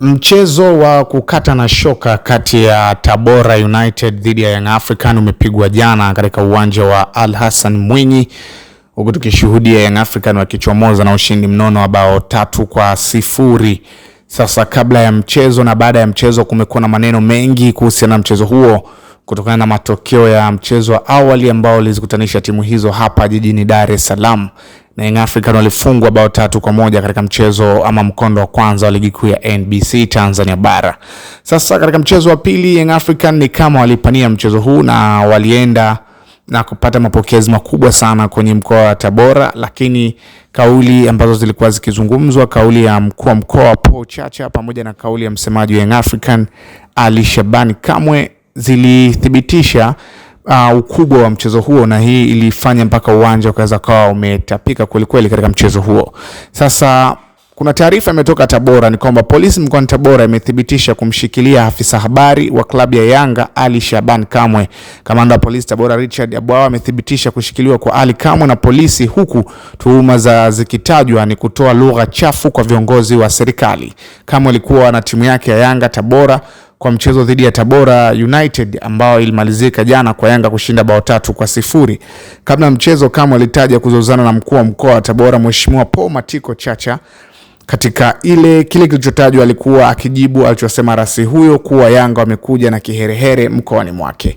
Mchezo wa kukata na shoka kati ya Tabora United dhidi ya Young African umepigwa jana katika uwanja wa Al Hassan Mwinyi, huku tukishuhudia Young African wakichomoza na ushindi mnono wa bao tatu kwa sifuri. Sasa kabla ya mchezo na baada ya mchezo, kumekuwa na maneno mengi kuhusiana na mchezo huo kutokana na matokeo ya mchezo wa awali ambao ulizikutanisha timu hizo hapa jijini Dar es Salaam na Young Africans walifungwa bao tatu kwa moja katika mchezo ama mkondo wa kwanza wa ligi kuu ya NBC Tanzania bara. Sasa katika mchezo wa pili Young Africans ni kama walipania mchezo huu na walienda na kupata mapokezi makubwa sana kwenye mkoa wa Tabora, lakini kauli ambazo zilikuwa zikizungumzwa, kauli ya mkuu wa mkoa Paul Chacha pamoja na kauli ya msemaji wa Young African Ali Shabani Kamwe zilithibitisha uh, ukubwa wa mchezo huo, na hii ilifanya mpaka uwanja ukaweza kawa umetapika kwelikweli katika mchezo huo. Sasa kuna taarifa imetoka Tabora ni kwamba polisi mkoani Tabora imethibitisha kumshikilia afisa habari wa klabu ya Yanga Ali Shaban Kamwe. Kamanda wa polisi Tabora Richard Abwawa amethibitisha kushikiliwa kwa Ali Kamwe na polisi, huku tuhuma za zikitajwa ni kutoa lugha chafu kwa viongozi wa serikali. Kamwe alikuwa na timu yake ya Yanga Tabora kwa mchezo dhidi ya Tabora United ambao ilimalizika jana kwa Yanga kushinda bao tatu kwa sifuri. Kabla mchezo kama alitaja kuzozana na mkuu wa mkoa wa Tabora Mheshimiwa Paul Matiko Chacha katika ile kile kilichotajwa, alikuwa akijibu alichosema rasi huyo kuwa Yanga wamekuja na kiherehere mkoani mwake.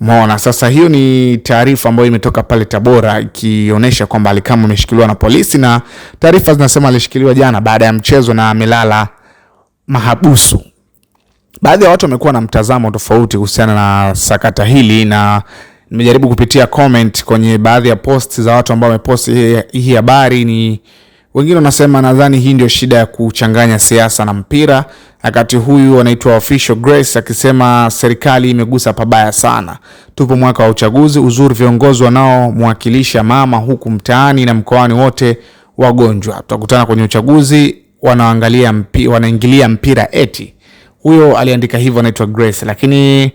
Umeona sasa, hiyo ni taarifa ambayo imetoka pale Tabora ikionyesha kwamba ally ameshikiliwa na polisi, na taarifa zinasema alishikiliwa jana baada ya mchezo na amelala mahabusu baadhi ya watu wamekuwa na mtazamo tofauti kuhusiana na sakata hili, na nimejaribu kupitia comment kwenye baadhi ya post za watu ambao wamepost hii habari. Ni wengine wanasema, nadhani hii ndio shida ya kuchanganya siasa na mpira, wakati huyu anaitwa Official Grace akisema serikali imegusa pabaya sana, tupo mwaka wa uchaguzi, uzuri viongozi wanaomwakilisha mama huku mtaani na mkoani wote wagonjwa, tutakutana kwenye uchaguzi, wanaangalia mpi, wanaingilia mpira eti huyo aliandika hivyo anaitwa Grace, lakini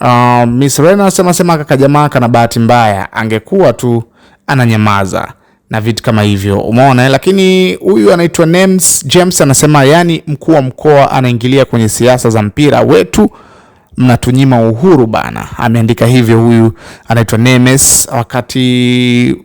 uh, Miss Rena anasema sema kaka jamaa kana bahati mbaya, angekuwa tu ananyamaza na vitu kama hivyo, umeona. Eh? Lakini huyu anaitwa Names James anasema yani, mkuu wa mkoa anaingilia kwenye siasa za mpira wetu, mnatunyima uhuru bana. Ameandika hivyo huyu anaitwa Names, wakati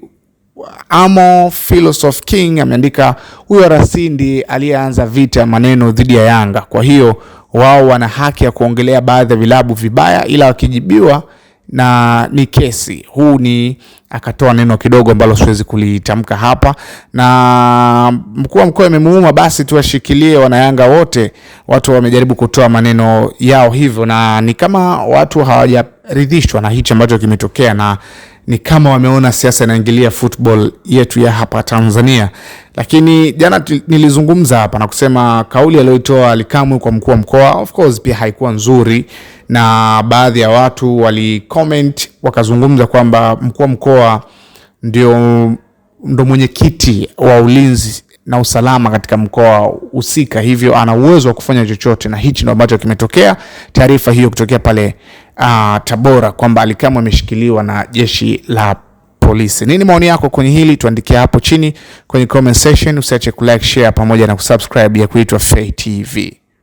Amo Philosoph King ameandika huyo rasindi ndiye aliyeanza vita maneno dhidi ya Yanga, kwa hiyo wao wana haki ya kuongelea baadhi ya vilabu vibaya, ila wakijibiwa na ni kesi. Huu ni akatoa neno kidogo ambalo siwezi kulitamka hapa, na mkuu wa mkoa amemuuma basi tuwashikilie wanayanga wote. Watu wamejaribu kutoa maneno yao hivyo, na ni kama watu hawajaridhishwa na hichi ambacho kimetokea, na ni kama wameona siasa inaingilia football yetu ya hapa Tanzania. Lakini jana nilizungumza hapa na kusema kauli aliyoitoa Alikamwe kwa mkuu wa mkoa of course pia haikuwa nzuri, na baadhi ya watu wali wakazungumza kwamba mkuu wa mkoa ndio ndo mwenyekiti wa ulinzi na usalama katika mkoa husika, hivyo ana uwezo wa kufanya chochote, na hichi ndio ambacho kimetokea. Taarifa hiyo kutokea pale uh, Tabora kwamba alikamwa ameshikiliwa na jeshi la polisi. Nini maoni yako kwenye hili? Tuandikia hapo chini kwenye comment section. Usiache kulike, share pamoja na kusubscribe ya kuitwa Fay TV.